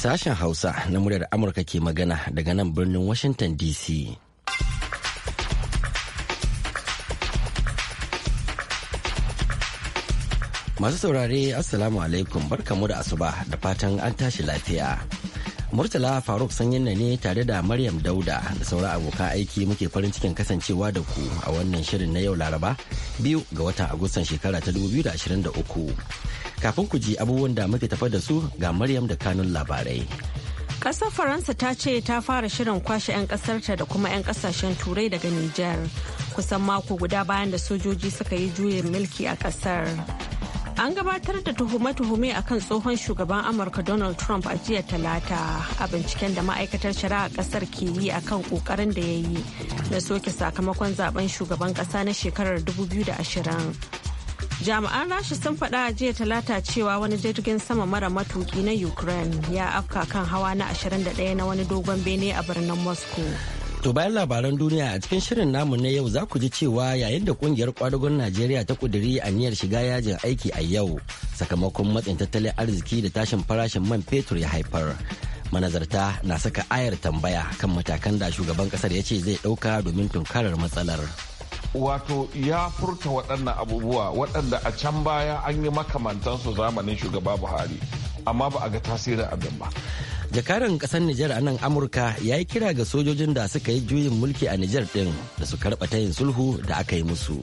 Sashen Hausa na muryar Amurka ke magana daga nan birnin Washington DC. Masu saurare Assalamu alaikum barkamu da asuba da fatan an tashi lafiya. Murtala Faruk sanyin na ne tare da Maryam Dauda da sauran abokan aiki muke farin cikin kasancewa da ku a wannan shirin na yau Laraba biyu ga watan Agustan shekara ta 2023. Kafin ku ji abubuwan da muke tafa da su ga Maryam da kanun labarai. kasar Faransa ta ce ta fara shirin kwashe 'yan kasarta da kuma 'yan kasashen Turai daga Nijar kusan mako guda bayan da sojoji suka yi juyin mulki a kasar. An gabatar da tuhume-tuhume a kan tsohon shugaban Amurka Donald Trump a jiya talata a binciken da ma'aikatar shari'a kasar ke yi a kan kokarin da ya yi na soke sakamakon zaben shugaban ƙasa na shekarar 2020. Jami'an rashi sun faɗa a jiya talata cewa wani jirgin sama mara matuki na Ukraine ya afka kan hawa na 21 na wani dogon bene a birnin Moscow. To bayan labaran duniya a cikin shirin namu na yau za ku ji cewa yayin da kungiyar kwadugon Najeriya ta kuduri aniyar shiga yajin aiki a yau sakamakon matsin tattalin arziki da tashin farashin man fetur ya haifar. Manazarta na saka ayar tambaya kan matakan da shugaban kasar ya ce zai ɗauka domin tunkarar matsalar. Wato ya furta waɗannan abubuwa waɗanda a can baya an yi makamantansu zamanin shugaba Buhari amma ba a ga tasirin abin ba. jakaran kasar Nijar a nan Amurka ya yi kira ga sojojin da suka yi juyin mulki a Nijar din da su karɓa tayin sulhu da aka yi musu.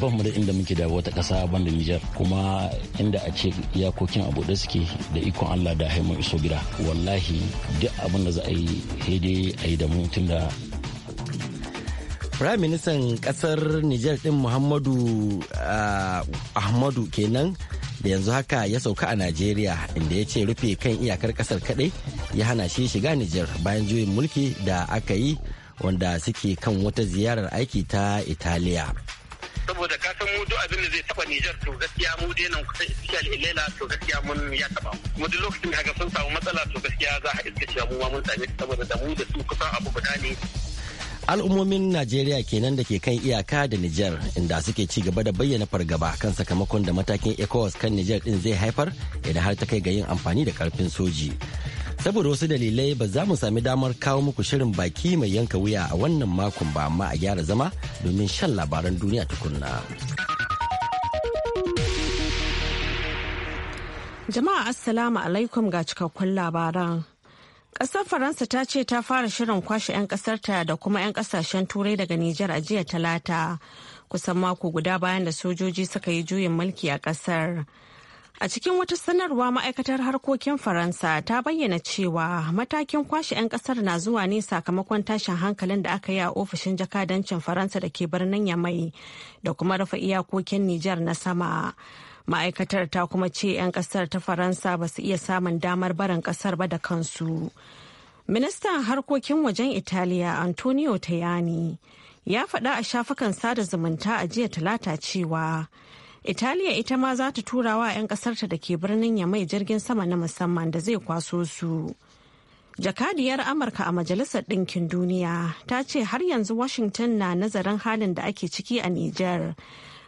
Ban mu da inda muke da wata ƙasa banda Nijar kuma inda a ce iyakokin abu da suke da ikon Allah da haimun iso gida. Wallahi duk abin da za a yi hede a yi da mu tun da Ministan ƙasar Nijar ɗin Muhammadu ah, Ahmadu kenan da yanzu haka ya sauka a najeriya inda ya ce rufe kan iyakar kasar kadai ya hana shi shiga nijar bayan juyin mulki da aka yi wanda suke kan wata ziyarar aiki ta italiya saboda ka san mudu abin da zai taba Nijar to gaskiya mu dai nan iskiya da ilela to gaskiya mun ya taba mu duk lokacin da sun samu matsala to gaskiya za a iska cewa mu ma mun same saboda da mu da su kusan abu guda ne al'ummomin najeriya kenan da ke kan iyaka da niger inda suke ci gaba da bayyana fargaba kan sakamakon da matakin ecowas kan niger din zai haifar idan har ta kai ga yin amfani da karfin soji saboda wasu dalilai ba za mu sami damar kawo muku shirin baki mai yanka wuya a wannan makon ba amma a gyara zama domin shan labaran duniya tukunna jama'a assalamu alaikum ga cikakkun labaran Ƙasar Faransa ta ce ta fara shirin kwashe 'yan ƙasarta da kuma 'yan ƙasashen turai daga Nijar a jiya talata kusan mako guda bayan da sojoji suka yi juyin mulki a ƙasar. A cikin wata sanarwa ma'aikatar harkokin Faransa ta bayyana cewa matakin kwashe 'yan kasar na zuwa ne sakamakon tashin hankalin da aka yi a ofishin jakadancin Faransa da ke birnin Yamai da kuma rufe iyakokin Nijar na sama. ma'aikatar ta kuma ce 'yan kasar ta faransa ba su iya samun damar barin kasar ba da kansu ministan harkokin wajen italiya antonio tayani ya faɗa a shafukan sada zumunta a jiya talata cewa italiya ita ma za ta tura wa 'yan kasarta da ke birnin ya mai jirgin sama na musamman da zai kwaso su jakadiyar amurka a majalisar ɗinkin duniya ta ce har yanzu washington na nazarin halin da ake ciki a niger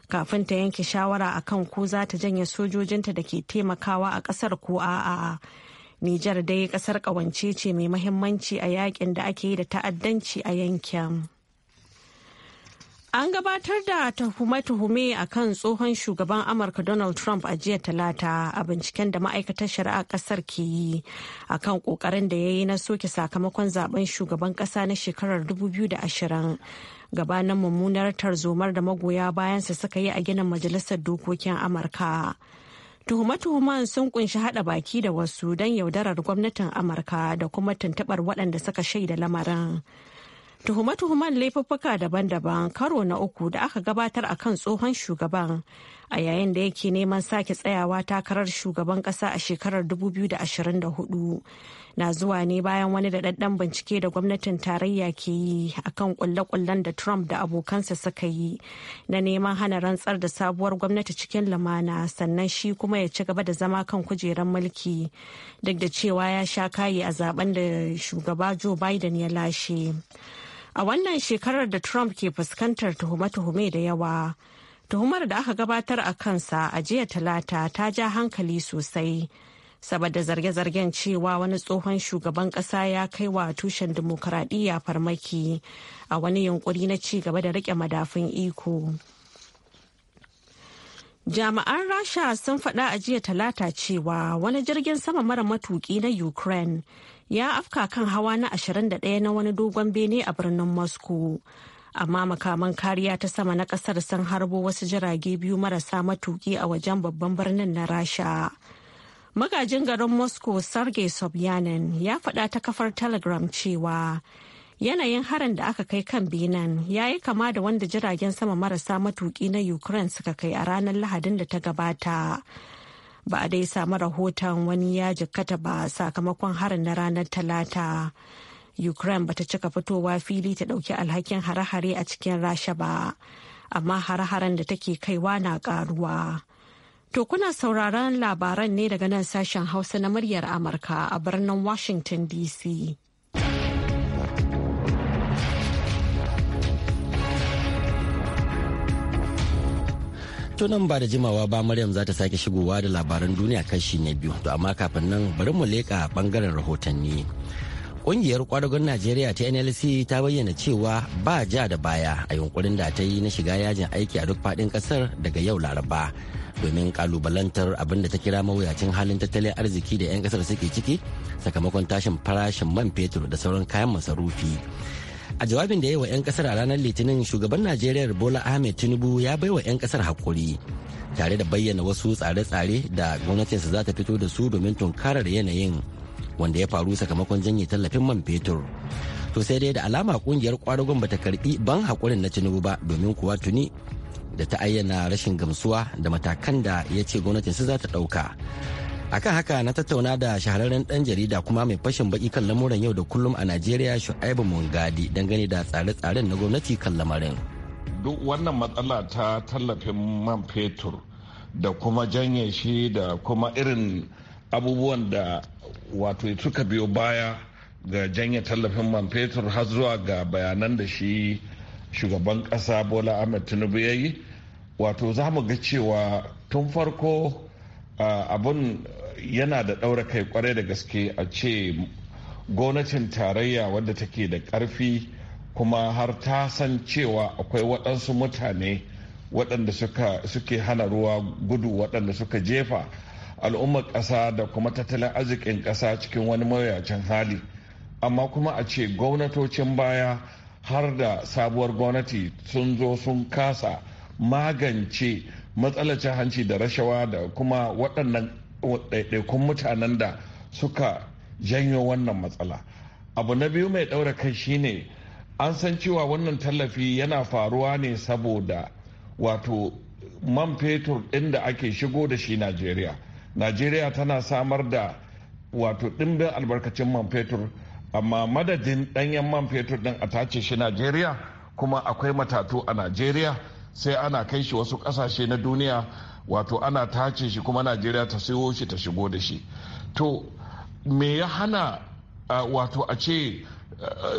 kafin ta yanke shawara a kan ko za ta janye sojojinta da ke taimakawa a kasar ko a'a. Nijar dai ƙasar ƙawance ce mai mahimmanci a yakin da ake yi da ta'addanci a yankin. An gabatar da tuhume-tuhume a kan tsohon shugaban Amurka Donald Trump a jiya talata a binciken da ma'aikatar shari'a ƙasar ke yi a kan kokarin da ya yi na soke sakamakon zaben shugaban ƙasa na shekarar 2020 gabanin mummunar tarzomar da magoya bayansa suka yi a ginin majalisar dokokin amurka tuhume tuhuman sun kunshi hada baki da wasu don yaudarar gwamnatin amurka da kuma tuntubar waɗanda suka shaida lamarin tuhume-tuhumen laifuffuka daban-daban karo na uku da aka gabatar a kan tsohon shugaban a yayin da yake neman sake tsayawa takarar shugaban kasa a shekarar 2024 na zuwa ne bayan wani daɗaɗɗen bincike da gwamnatin tarayya ke yi akan kulle-kullen da trump da abokansa suka yi na neman hana rantsar da sabuwar gwamnati cikin lumana sannan shi kuma ya ci gaba da zama kan kujerar mulki duk da cewa ya sha kayi a zaben da shugaba joe biden ya lashe a wannan shekarar da trump ke fuskantar tuhume-tuhume da yawa tuhumar da aka gabatar a kansa a jiya talata ta ja hankali sosai saboda zarge-zargen cewa wani tsohon shugaban kasa ya kai wa tushen dimokuraɗiyya farmaki a wani yunkuri na ci gaba da rike madafun iko jami'an rasha sun faɗa a jiya talata cewa wani jirgin sama mara matuki na ukraine ya afka kan hawa na 21 na wani dogon bene a birnin moscow amma makaman kariya ta sama na kasar sun harbo wasu jirage biyu marasa matuki a wajen babban birnin na rasha magajin garin moscow sergei sobyanin ya faɗa ta kafar telegram cewa yanayin harin da aka kai kan binan ya yi kama da wanda jiragen sama marasa matuki na ukraine suka kai a ranar lahadin da ta gabata ba a dai samu rahoton wani ya jikkata ba sakamakon harin na ranar talata ukraine bata cika fitowa fili ta dauki alhakin hare-hare a cikin rasha ba amma hare-haren da take kaiwa na karuwa to kuna sauraron labaran ne daga nan sashen hausa na muryar amurka a birnin washington dc tunan ba da jimawa ba Maryam za ta sake shigowa da labaran duniya kashi na biyu to amma kafin nan bari mu leƙa bangaren rahotanni. Ƙungiyar kwadagon Najeriya ta NLC ta bayyana cewa ba ja da baya a yunkurin da ta yi na shiga yajin aiki a duk faɗin ƙasar daga yau Laraba. domin kalubalantar abin da ta kira mawuyacin halin tattalin arziki da 'yan kasar suke ciki sakamakon tashin farashin man fetur da sauran kayan masarufi a jawabin da ya yi wa 'yan kasar a ranar litinin shugaban najeriya bola ahmed tinubu ya bai wa 'yan kasar hakuri tare da bayyana wasu tsare-tsare da gwamnatinsa za ta fito da su domin tunkarar yanayin wanda ya faru sakamakon janye tallafin man fetur to sai dai da alama kungiyar kwadagon bata karbi ban hakurin na tinubu ba domin kuwa tuni da ta ayyana rashin gamsuwa da matakan da ya ce gwamnatin su za ta dauka akan haka na tattauna da shahararren dan jarida kuma mai fashin baki kan lamuran yau da kullum a najeriya shu'aibu mungadi dangane da tsare-tsaren na gwamnati kan lamarin duk wannan matsala ta tallafin man fetur da kuma janye shi da kuma irin abubuwan da wato suka biyo baya ga janye tallafin man fetur har zuwa ga bayanan da shi shugaban kasa bola ahmed tinubu ya yi wato za mu ga cewa tun farko abun yana da ɗaura kai kwarai da gaske a ce gwamnatin tarayya wadda take da ƙarfi kuma har ta san cewa akwai waɗansu mutane waɗanda suke hana ruwa gudu waɗanda suka jefa al'ummar ƙasa da kuma tattalin arzikin ƙasa cikin wani mawuyacin hali amma kuma a ce gwamnatocin baya har da sabuwar gwamnati sun zo sun kasa magance matsalar cin hanci da rashawa da kuma waɗannan ɗaiɗaikun mutanen da suka janyo wannan matsala abu na biyu mai ɗaura kai shine an san cewa wannan tallafi yana faruwa ne saboda wato man fetur ɗin da ake shigo da shi najeriya najeriya tana samar da wato dimbin albarkacin man fetur amma madadin danyen man fetur ɗin a tace shi najeriya kuma akwai matatu a najeriya sai ana kai shi wasu ƙasashe na duniya wato ana tace shi kuma najeriya ta siyo shi ta shigo da shi to me ya hana wato a ce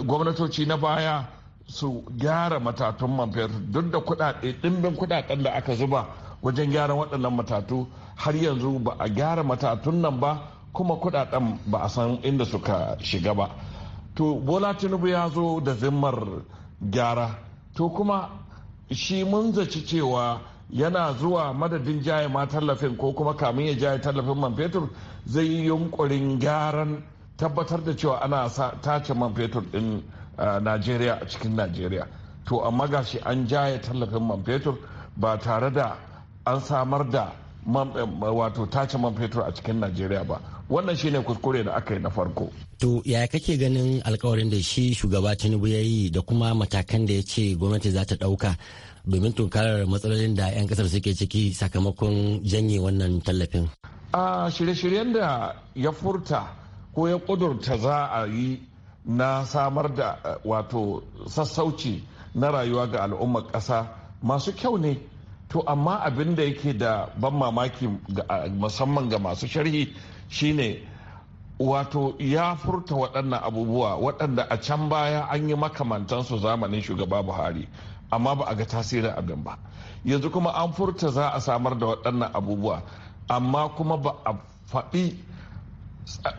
gwamnatoci na baya su gyara matatun man fetur duk da kudade dimbin kuɗaɗen da aka zuba wajen gyaran waɗannan matatu har yanzu ba a gyara matatun nan ba kuma kudaden ba a san inda suka shiga ba to bola tinubu ya zo da zimmar gyara to kuma shi mun zaci cewa yana zuwa madadin jaye ma tallafin ko kuma kamin ya jaye tallafin man fetur zai yi yunkurin gyaran tabbatar da cewa ana tace man fetur din najeriya a cikin najeriya to amma gashi an jaye tallafin man fetur ba tare da an samar da eh, wato tace man fetur a cikin najeriya ba wannan shine kuskure da aka yi na farko to yaya kake ganin alkawarin da shi shugaba tinubu ya yi da kuma matakan da ya ce gwamnati za ta ɗauka domin tunkarar matsalolin da 'yan kasar suke ciki sakamakon janye wannan tallafin a shirye-shiryen da ya furta ko ya kudurta za a yi na samar da eh, wato sassauci na rayuwa ga al'ummar ƙasa masu kyau ne to amma abin da yake da ban mamaki musamman ga masu sharhi shine wato ya furta waɗannan abubuwa waɗanda a can baya an yi makamantansu zamanin shugaba buhari amma ba a ga tasirin abin ba yanzu kuma an furta za a samar da waɗannan abubuwa amma kuma ba a faɗi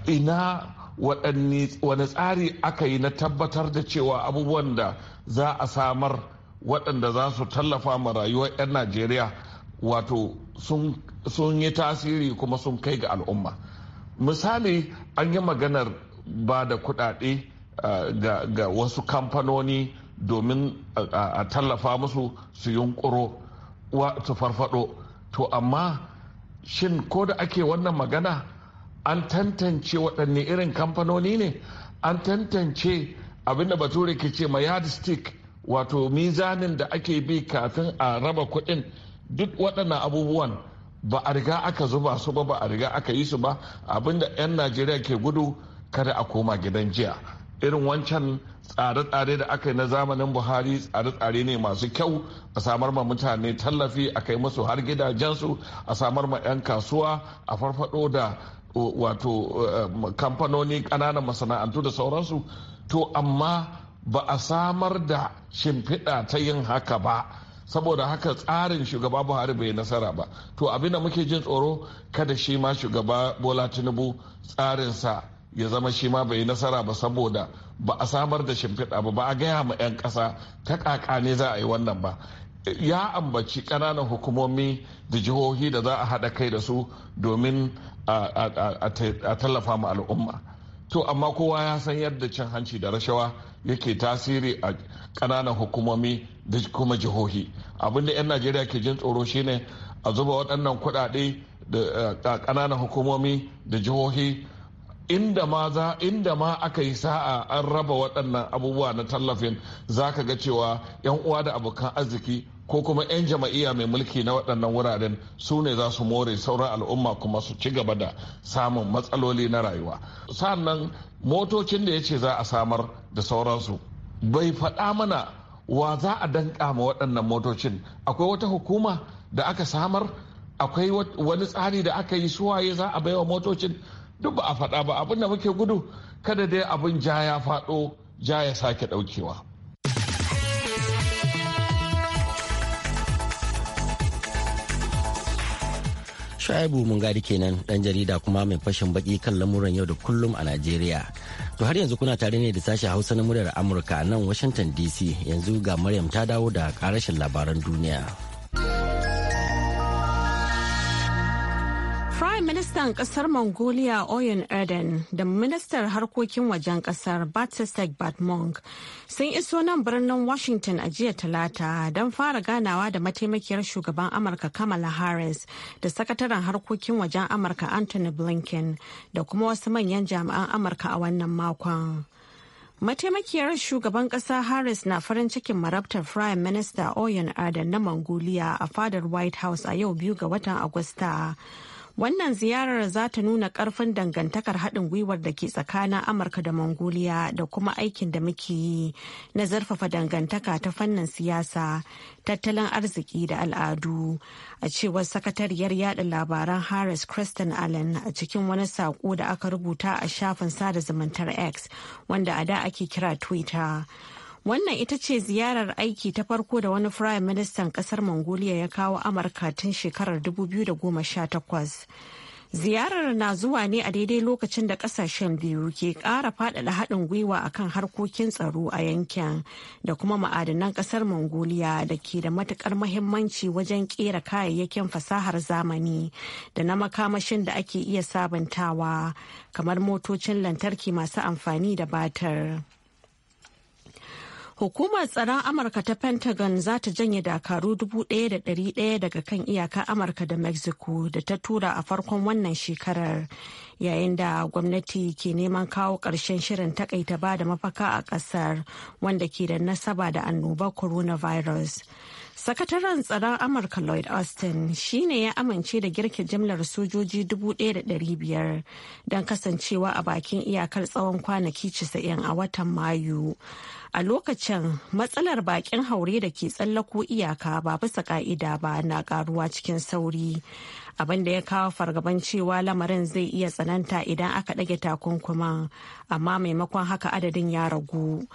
ina wani tsari aka yi na tabbatar da cewa abubuwan da za a samar waɗanda za su tallafa ma rayuwar 'yan najeriya wato sun yi tasiri kuma sun kai ga al'umma misali an yi maganar ba da kuɗaɗe ga wasu kamfanoni domin a tallafa musu su yunkuro su farfado to amma shin ko da ake wannan magana an tantance waɗanne irin kamfanoni ne an tantance abinda bature ke ce ma yardstick wato mizanin da ake bi kafin a raba kuɗin duk waɗannan abubuwan ba a riga aka zuba su ba ba a riga aka yi su ba abinda 'yan najeriya ke gudu kada a koma gidan jiya irin wancan tsare-tsare da aka yi na zamanin buhari tsare-tsare ne masu kyau a samar ma mutane tallafi a kai musu har gidajensu a samar ma 'yan kasuwa a farfado da wato eh, kamfanoni ƙananan masana'antu da sauransu to amma ba a samar da shimfiɗa ta yin haka ba saboda haka tsarin shugaba buhari bai nasara ba to abin da muke jin tsoro kada shi ma shugaba bola tinubu tsarinsa ya zama shi ma bai nasara ba saboda ba a samar da shimfiɗa ba ba a gaya ma 'yan ƙasa ta ƙaƙa ne za a yi wannan ba ya ambaci ƙananan hukumomi da jihohi da za a haɗa kai da su domin a tallafa ma al'umma to amma kowa ya san yadda cin hanci da rashawa yake tasiri a kananan hukumomi da kuma jihohi abinda 'yan najeriya ke jin tsoro shine a zuba waɗannan kuɗaɗe eh, a kananan hukumomi da jihohi inda ma za inda ma aka yi sa'a an raba waɗannan abubuwa na tallafin za ka ga cewa 'yan uwa da abokan arziki ko kuma 'yan jama'iya mai mulki na waɗannan wuraren su ne za su more sauran al'umma kuma su ci gaba da samun matsaloli na rayuwa sannan motocin da ya ce za a samar da sauransu bai faɗa mana wa za a danka ma waɗannan motocin akwai wata hukuma da aka samar akwai wani tsari da aka yi suwaye za a baiwa motocin duk ba a faɗa ba abin da muke gudu kada dai abin ja ya faɗo ja ya sake ɗaukewa Shaibu gadi kenan dan jarida kuma mai fashin baki kan lamuran yau da kullum a Najeriya. To har yanzu kuna tare ne da sashen Hausa na muryar Amurka nan Washington DC yanzu ga Maryam ta dawo da karashin labaran duniya. Ministan kasar Mongolia Oyen Erden da ministar harkokin wajen kasar Batsasek Batmong sun iso nan birnin Washington a jiya talata don fara ganawa da mataimakiyar shugaban Amurka Kamala Harris da sakataren harkokin wajen Amurka Anthony Blinken da kuma wasu manyan jami'an Amurka a wannan makon. Mataimakiyar shugaban kasa Harris na farin cikin marabtar Prime Minister Oyen Erden na Mongolia a fadar White House a yau biyu ga watan Agusta. Wannan ziyarar za ta nuna ƙarfin dangantakar haɗin gwiwar da ke tsakanin Amurka da Mongolia da kuma aikin da muke yi na zarfafa dangantaka ta fannin siyasa, tattalin arziki da al'adu. A cewar sakatariyar yada labaran Harris Kristen Allen a cikin wani saƙo da aka rubuta a shafin sada zumuntar X wanda a da ake kira Twitter. Wannan ita ce ziyarar aiki ta farko da wani firayim ministan kasar Mongolia ya kawo Amurka tun shekarar 2018. Ziyarar na zuwa ne a daidai lokacin da ƙasashen biyu ke ƙara faɗaɗa haɗin gwiwa a kan harkokin tsaro a yankin da kuma ma'adanan ƙasar Mongolia da ke da matuƙar mahimmanci wajen ƙera kayayyakin fasahar zamani da na makamashin da ake iya sabantawa kamar motocin lantarki masu amfani da batar. Hukumar tsaron Amurka ta Pentagon za ta janye dakaru 1,100 daga kan iyaka Amurka da Mexico da ta tura a farkon wannan shekarar. Yayin da gwamnati ke neman kawo ƙarshen shirin takaita ba da mafaka a ƙasar wanda ke da nasaba da annobar coronavirus. Sakataren tsaron Amurka Lloyd Austin shi ne ya amince da girke jimlar sojoji 1,500 don kasancewa a bakin iyakar tsawon kwanaki 90 a watan Mayu. a lokacin matsalar bakin haure da ke tsallako iyaka ba bisa ka'ida ba na karuwa cikin sauri abin da ya kawo fargaban cewa lamarin zai iya tsananta idan aka ɗage takunkuman amma maimakon haka adadin ya ragu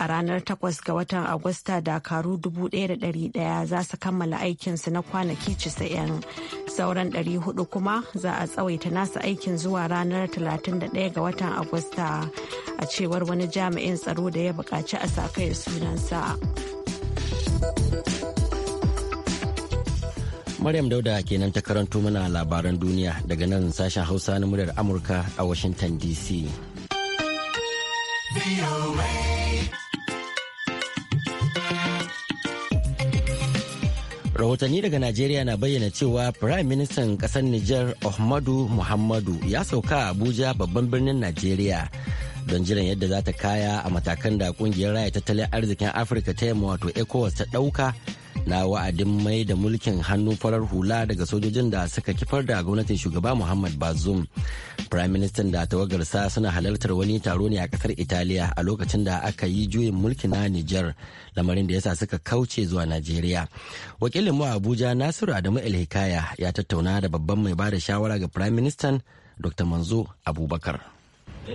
a ranar 8 ga watan agusta dakaru 1,100 za su kammala aikinsu na kwanaki 90 sauran 400 kuma za a tsawaita nasu aikin zuwa ranar 31 ga watan agusta a cewar wani jami'in tsaro da ya buƙaci a sa kai sunansa. Maryam Dauda kenan ta karanto mana labaran duniya daga nan sashen Hausa na muryar Amurka a Washington DC. rahotanni daga najeriya na bayyana cewa prime Minister kasar niger ahmadu muhammadu ya sauka abuja babban birnin najeriya don jiran yadda za ta kaya a matakan da kungiyar raya tattalin arzikin afirka ta yamma wato ecowas ta ɗauka na wa'adin mai da mulkin hannu farar hula daga sojojin da suka kifar da gwamnatin shugaba muhammad Bazum. prime minister da tawagarsa suna halartar wani taro ne a kasar italiya a lokacin da aka yi juyin mulki na niger lamarin da yasa suka kauce zuwa najeriya wakilin mu abuja nasiru adamu elhikaya ya tattauna da babban mai ba da shawara ga prime minister dr manzo abubakar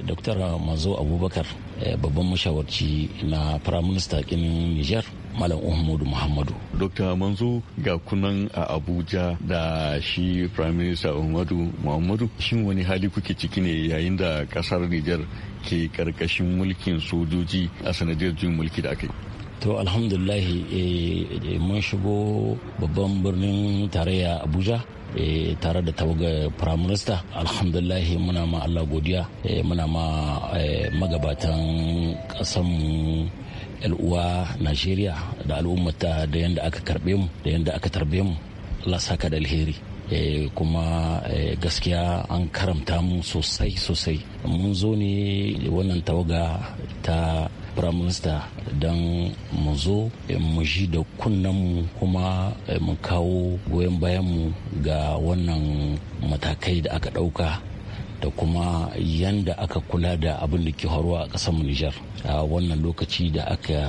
Dr. Manzo Abubakar eh, babban mashawarci na Prime Minister kin Niger Malam Uhmudu Muhammadu. Dr. Manzo ga kunan a Abuja da shi Prime Minister Uhmudu Muhammadu shin wani hali kuke ciki ne yayin da kasar Niger ke karkashin mulkin sojoji a sanadiyar jin mulki da aka yi. to alhamdulillah eh, eh, mun shigo babban birnin tarayya abuja Eh, tare da tawaga prime minister alhamdulillah muna ma allah godiya eh, muna ma eh, magabatan kasanmu uwa najeriya da al'ummata da yadda aka karbe mu da yadda aka tarbe mu allah saka da alheri kuma gaskiya an karamta mu sosai sosai mun zo ne wannan tawaga ta prime minister don mu zo eh, mu ji da kunnenmu kuma eh, mu kawo goyon bayanmu ga wannan matakai da aka ɗauka da kuma yanda aka kula da abin da ke horo a kasar Nijar a wannan lokaci da aka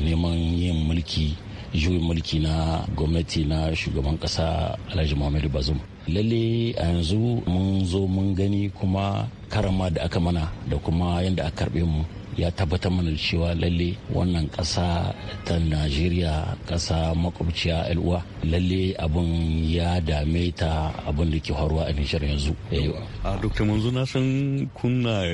neman yin mulki juyin mulki na gwamnati na shugaban kasa Alhaji Muhammadu Bazum. lalle a yanzu mun zo mun gani kuma karama da aka mana da kuma yadda aka karbe mu ya tabbatar mana cewa lalle wannan ƙasa ta najeriya ƙasa makwabciya al'uwa lalle abin ya dame ta abin da ke faruwa a nijar yanzu. Eh. a dokta manzo na san kuna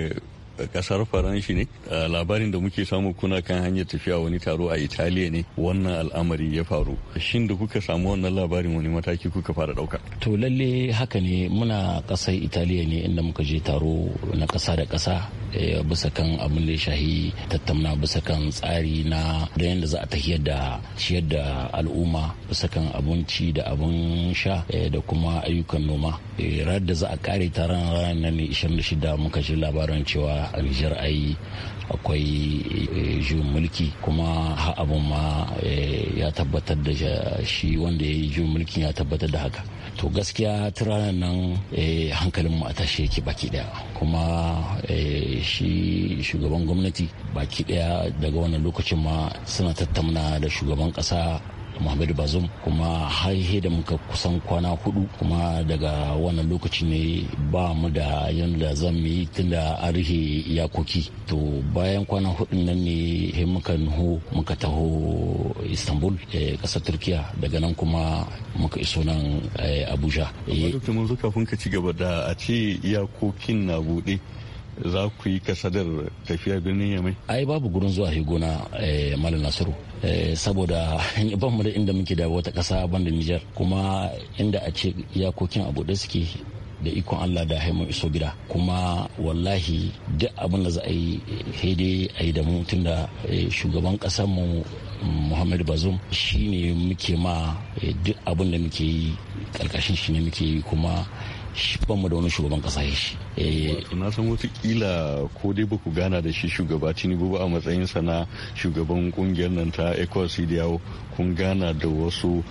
kasar faranshi ne labarin da muke samu kuna kan hanyar tafiya wani taro a italiya ne wannan al'amari ya faru shin da kuka samu wannan labarin wani mataki kuka fara dauka to lalle haka ne muna kasar italiya ne inda muka je taro na kasa da kasa eh, bisa kan abin da ya shahi tattauna bisa kan tsari na da yadda za a tafiyar da ciyar da al'umma bisa kan abinci da abin sha eh, da kuma ayyukan noma eh, ranar da za a kare taron ranar ne 26 muka shi labaran cewa aljihar a Nijar ai akwai eh, juyin mulki kuma abin ma eh, ya tabbatar da shi wanda ya yi juyin mulkin ya tabbatar da haka to gaskiya turanen nan eh, hankalin mu a tashi yake baki daya kuma shi shugaban gwamnati baki daya daga wannan lokacin ma suna tattauna da shugaban kasa muhammadu bazum kuma har he da muka kusan kwana hudu kuma daga wannan lokaci ne ba mu da yadda zan yi tunda arihe ya iyakoki to bayan kwana hudu nan ne he muka nuhu muka taho istanbul kasar eh, turkiya daga nan kuma muka iso nan eh, abuja. Eh, amma duk kafin ka ci gaba da a ce iyakokin na buɗe za ku yi kasadar tafiya birnin yamai ai babu gurin zuwa na eh, malam nasiru eh, saboda ban mu da inda muke da wata kasa banda nijar kuma inda a ce iyakokin abu da suke da ikon Allah da haimun iso gida kuma wallahi duk abin da za a yi haidai a yi da mu tunda eh, shugaban mu Muhammadu Bazum shi ne muke ma duk abin da muke yi karkashin shi ne muke yi kuma ban mu da wani shugaban kasa ya shi. Eh. na san wata kila ko dai baku gana da shi shugaba tinubu ba a matsayin sana shugaban kungiyar nan ta ecos yawo kun gana da wasu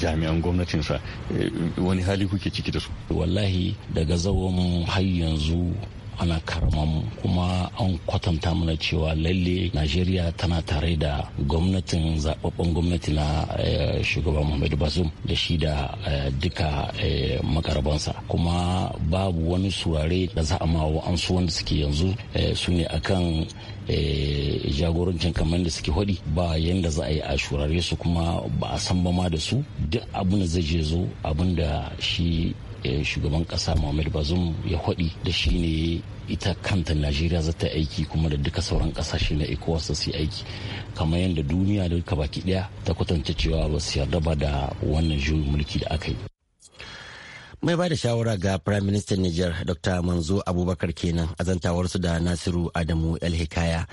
jami'an gwamnatinsa eh, wani hali kuke ciki da su. wallahi daga zawon har yanzu ana karman kuma an kwatanta mana cewa lalle najeriya tana tare da gwamnatin zababben gwamnati na eh, shugaban muhammadu bazum da shi da eh, duka eh, makarabansa kuma babu wani surare da za a ma wa'ansu wanda suke yanzu su ne akan jagorancin kamar da suke hodi ba yanda za a yi a shurare su kuma ba a san ba ma da su duk abin da zai je zo abin da shi shugaban kasa muhammad bazum ya haɗi da shi ne ita kanta najeriya za ta aiki kuma da duka sauran ƙasashe na ecowas su aiki kamar yadda duniya da duka baki ɗaya ta kwatanta cewa ba su yarda ba da wannan juyin mulki da aka yi mai ba da shawara ga prime minister niger dr manzo abubakar kenan azantawarsu da nasiru adamu el hikaya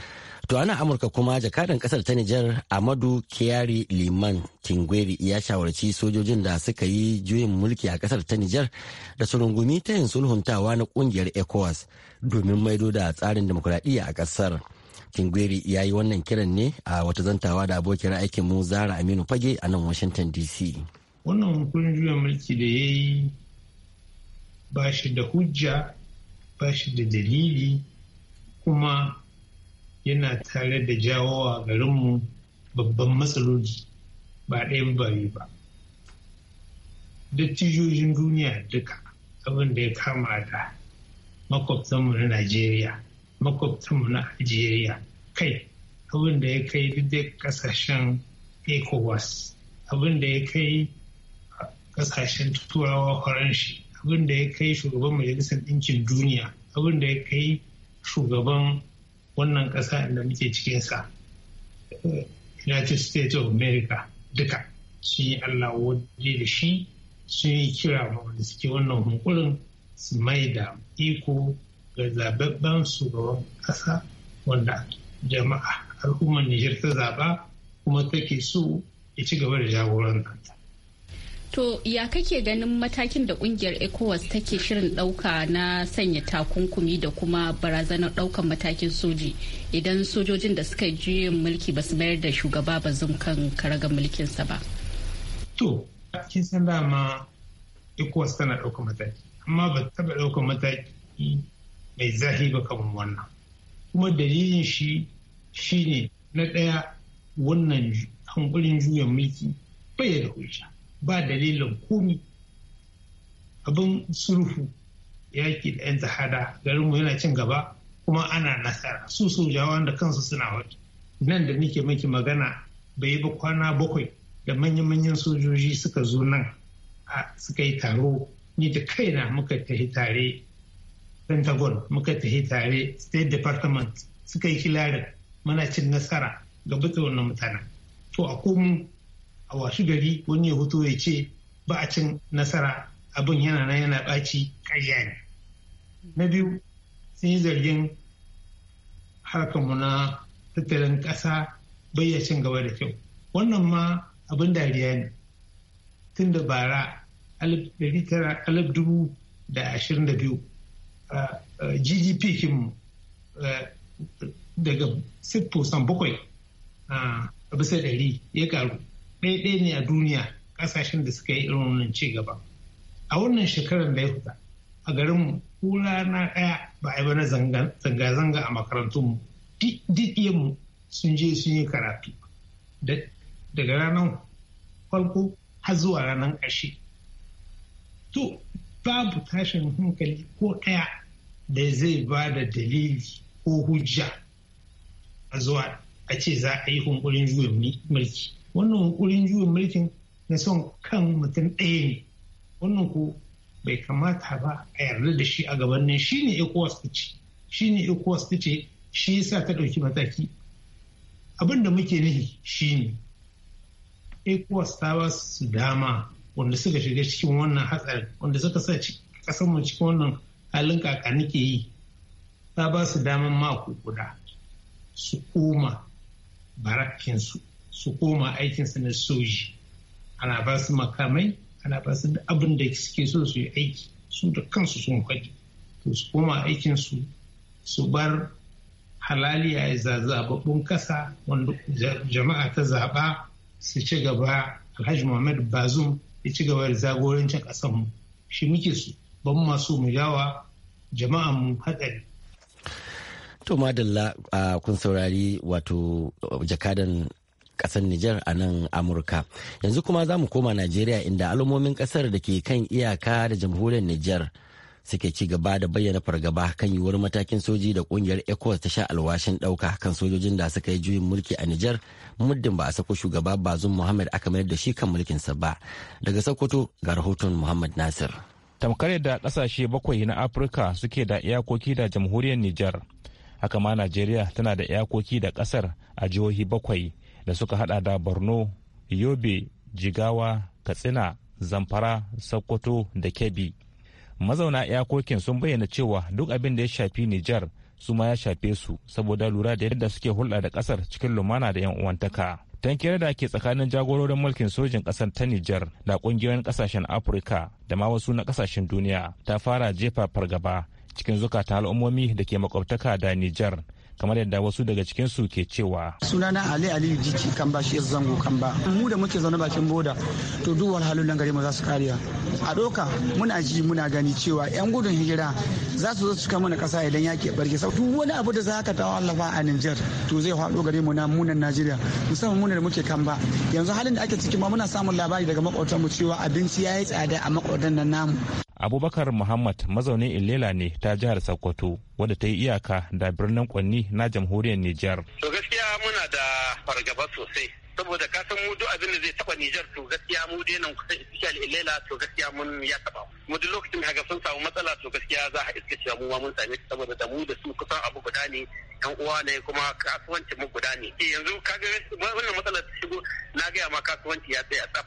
To ana Amurka kuma jakadan kasar ta Nijar Amadu Kiyari Liman Kingweri ya shawarci sojojin da suka yi juyin mulki a kasar ta Nijar da su rungumi ta yin sulhuntawa na kungiyar ECOWAS domin maido da tsarin demokuraɗiyya a kasar. Kingweri ya yi wannan kiran ne a wata zantawa da abokin aikin mu Zara Aminu Fage a nan Washington DC. Wannan hukumar juyin mulki da ya yi ba shi da hujja ba shi da dalili kuma yana tare da jawo a garinmu babban matsaloli ba ɗaya ba yi ba dattijojin duniya duka abin da ya kama da makwabtanmu na najeriya makwabtanmu na algeria kai abin da ya kai duk kasashen ecowas abin da ya kai kasashen turawa faranshi abin da ya kai shugaban majalisar ɗinkin duniya abin da ya kai shugaban wannan ƙasa inda muke cikinsa united states of america duka sun yi allah waje da shi sun yi kira ma wanda suke wannan hunkurin su mai da iko ga zababben shugaban ƙasa wanda jama'a al'ummar nijar ta zaba kuma take so ya ci gaba da kanta To ya kake ganin matakin da kungiyar ECOWAS take shirin dauka na sanya takunkumi da kuma barazanar daukan matakin soji idan sojojin da suka juye mulki ba su mayar da shugaba ba zum kan karagar mulkinsa ba? To, kin san dama ECOWAS tana daukan mataki, amma ba taɓa daukan mataki mai zahi ba kamar wannan. Kuma dalilin shi shine na ɗaya wannan hankulin juyin mulki bai da hujja. ba dalilin komi abin surufu yaki da 'yan zahada mu yana cin gaba kuma ana nasara su sojawan da kansu suna wato. nan da nake maki magana bai ba kwana bakwai da manya-manyan sojoji suka zo nan suka yi taro ni da kaina muka tafi tare pentagon muka tafi tare state department suka yi kilarin mana cin nasara ga wannan mutane. to a komu a washi gari wani ya hutu ya ce ba a cin nasara abin yana nan yana ɓaci ƙarya ne na biyu sun yi zargin harkarmu na tattalin ƙasa cin gaba da kyau wannan ma abin dariya ne tun da bara alif dubu da ashirin da biyu gdp kinmu daga 6% bakwai a bisa ɗari ya karu ɗaya ne a duniya ƙasashen da suka yi irin wannan ci gaba a wannan shekarar da ya fita a garin kura na ɗaya ba a yi na zanga-zanga a makarantunmu duk mu sun je sun yi karatu daga ranar farko har zuwa ranar ƙarshe to babu tashin hankali ko ɗaya da zai ba da dalili ko hujja a zuwa a ce za a yi hunkurin juyin mulki wannan hukurin juyin mulkin na son kan mutum ɗaya ne wannan ku bai kamata ba a yarda da shi a gabanin shi ne ecowas ta ce shi ne ecowas ta ce shi yasa ta ɗauki mataki abin da muke nufi shi ne ecowas ta ba su dama wanda suka shiga cikin wannan hatsarin wanda suka sa ƙasar mu cikin wannan halin kaka nake yi ta ba su daman mako guda su koma barakinsu su koma aikinsu na soji ana ba su makamai ana ba su abin da suke so su yi aiki su da kansu sun faɗi to su koma aikinsu su bar halaliya ya zazababbun kasa wanda jama'a ta zaɓa su ci gaba alhaji muhammad bazum ya ci gaba da zagorancin ƙasar mu shi muke su ban masu mu yawa jama'an mu haɗari To madalla kun saurari wato jakadan kasar Nijar a nan Amurka. Yanzu kuma za mu koma Najeriya inda alamomin kasar da ke kan iyaka da jamhuriyar Nijar suke ci gaba da bayyana fargaba kan yiwuwar matakin soji da kungiyar ECOWAS ta sha alwashin dauka kan sojojin da suka yi juyin mulki a Nijar muddin ba a sako shugaba Bazum Muhammad aka mayar da shi kan mulkinsa ba. Daga Sokoto ga rahoton Muhammad Nasir. Tamkar da kasashe bakwai na Afirka suke da iyakoki da jamhuriyar Nijar. Haka ma Najeriya tana da iyakoki da kasar a jihohi bakwai da suka hada da borno yobe jigawa katsina zamfara sokoto da kebbi mazauna iyakokin sun bayyana cewa duk abin da ya shafi nijar su ma ya shafe su saboda lura da yadda suke hulɗa da ƙasar cikin lumana da 'yan uwantaka tankiyar da ke tsakanin jagororin mulkin sojin ƙasar ta nijar da ƙungiyoyin ƙasashen afirka da ma wasu na ƙasashen duniya ta fara jefa fargaba cikin zukatan al'ummomi da ke makwabtaka da nijar kamar yadda wasu daga cikin su ke cewa sunana ali aliyu jiki kan ba shi zango kan ba mu da muke zaune bakin boda to duk nan gare mu za su kariya a doka muna ji muna gani cewa yan gudun hijira za su zo cika mana kasa idan ya ke barke sau duk wani abu da za ka tawo a Niger to zai faɗo gare mu na munan Najeriya musamman mu da muke kan ba yanzu halin da ake ciki ma muna samun labari daga makwabtan mu cewa abinci yayi tsada a makwabtan nan namu abubakar muhammad mazaunin ilela ne ta jihar sokoto wadda ta yi iyaka da birnin kwanni na jamhuriyar nijar to gaskiya muna da fargaba sosai saboda ka san mu duk abin da zai taba Nijar to gaskiya mu dai nan kusan especially Ilela to gaskiya mun ya taba mu duk lokacin kaga sun samu matsala to gaskiya za a iska cewa mu ma mun same saboda da mu da su kusan abu guda ne yan uwa ne kuma kasuwanci mu guda ne eh yanzu kaga wannan matsalar ta shigo na ga ma kasuwanci ya tsaya tsaf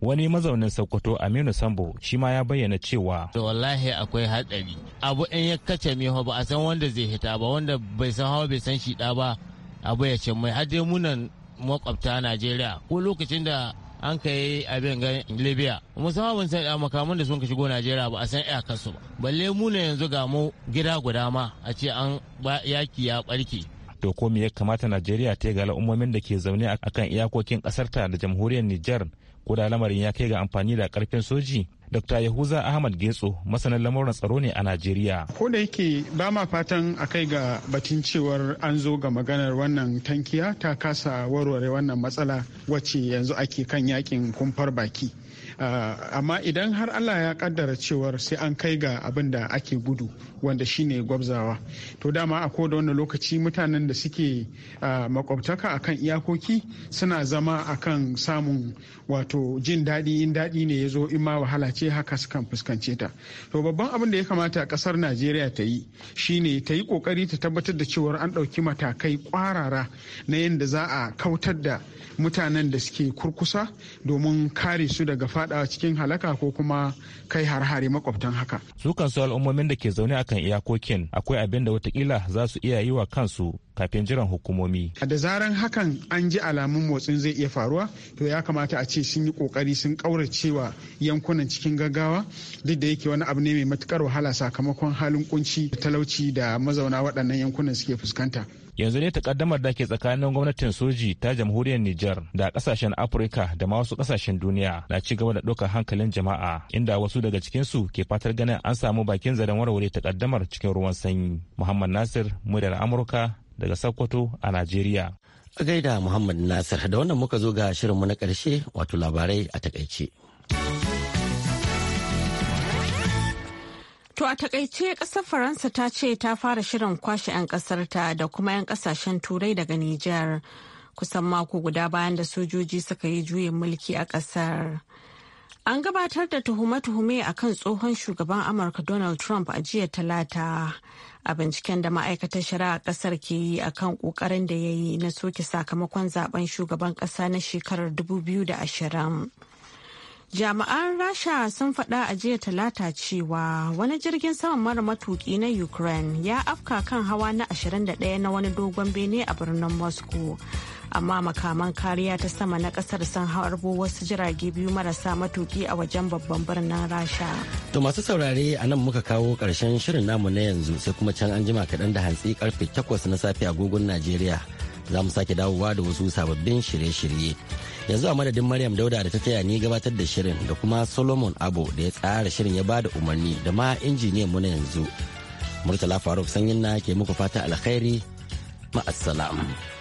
wani mazaunin sokoto aminu sambo shi ma ya bayyana cewa to wallahi akwai hatsari abu in ya kace mai ba a san wanda zai hita ba wanda bai san hawa bai san shi da ba abu ya ce mai har munan makwabta najeriya ko lokacin da an kai abin ga libya musamman san makaman da sun ka shigo najeriya ba a san iyakarsu ba balle mu ne yanzu ga mu gida guda ma a ce an yaki ya barke to ko me ya kamata najeriya ta ga al'ummomin da ke zaune akan iyakokin kasarta da jamhuriyar niger ko da lamarin ya kai ga amfani da karfin soji Dr. Yahuza Ahmad Getso masanin lamuran tsaro ne a Najeriya. Ko da yake ba ma fatan a kai ga batun cewar an zo ga maganar wannan tankiya ta kasa warware wannan matsala wacce yanzu ake kan yakin kumfar baki. Eh, amma idan har allah ya kaddara cewar sai an kai ga abin da ake gudu wanda shine gwabzawa to dama a koda wani lokaci mutanen da suke eh, makwabtaka akan iyakoki suna zama akan samun wato jin daɗi in daɗi ne ya zo in ma wahala ce haka sukan fuskance ta to babban abin da ya kamata ƙasar najeriya ta yi shine ta yi ƙoƙari ta tabbatar da cewar an ɗauki matakai ƙwarara na yadda za a kautar da mutanen da suke kurkusa domin kare su daga fada cikin halaka ko kuma kai har-hare makwabtan haka. Su kansu al'ummomin da ke zaune akan iyakokin akwai abin da watakila za su iya yi wa kansu kafin jiran hukumomi. a Da zaran hakan an ji alamun motsin zai iya faruwa to ya kamata a ce sun yi kokari sun kauracewa yankunan cikin gaggawa duk da yake wani abu ne mai matukar wahala sakamakon halin kunci talauci da mazauna waɗannan yankunan suke fuskanta. yanzu ne takaddamar da ke tsakanin gwamnatin soji ta jamhuriyar Nijar da kasashen Afirka da ma wasu kasashen duniya na ci gaba da ɗaukar hankalin jama'a inda wasu daga cikinsu ke fatar ganin an samu bakin zaren warware takaddamar cikin ruwan sanyi. Muhammad Nasir, muryar Amurka daga Sokoto a Najeriya. A gaida Muhammad Nasir da wannan muka zo ga shirinmu na ƙarshe wato labarai a takaice. To a takaice ƙasar Faransa ta ce ta fara shirin kwashe 'yan ƙasarta da kuma 'yan ƙasashen turai daga Nijar kusan mako guda bayan da sojoji suka yi juyin mulki a ƙasar. An gabatar da tuhume-tuhume a kan tsohon shugaban Amurka Donald Trump a jiya talata a binciken da ma'aikatar shari'a kasar ke yi a kan kokarin da ya yi na soke sakamakon zaben shugaban ƙasa na shekarar 2020 Jama'an rasha sun faɗa a jiya talata cewa wani jirgin saman mara matuki na ukraine ya afka kan hawa na 21 na wani dogon bene a birnin moscow amma makaman kariya ta sama na kasar sun harbo wasu jirage biyu marasa matuki a wajen babban birnin rasha to masu saurare a nan muka kawo karshen shirin namu na yanzu sai kuma can an jima kaɗan da hantsi karfe takwas na safe agogon najeriya za mu sake dawowa da wasu sababbin shirye-shirye yanzu a madadin maryam dauda da ta taya ni gabatar da shirin da kuma solomon abo da ya tsara shirin ya bada umarni da ma injiniyan mu na yanzu murtala faruk sanyin na ke muku fata alkhairi ma'assalam.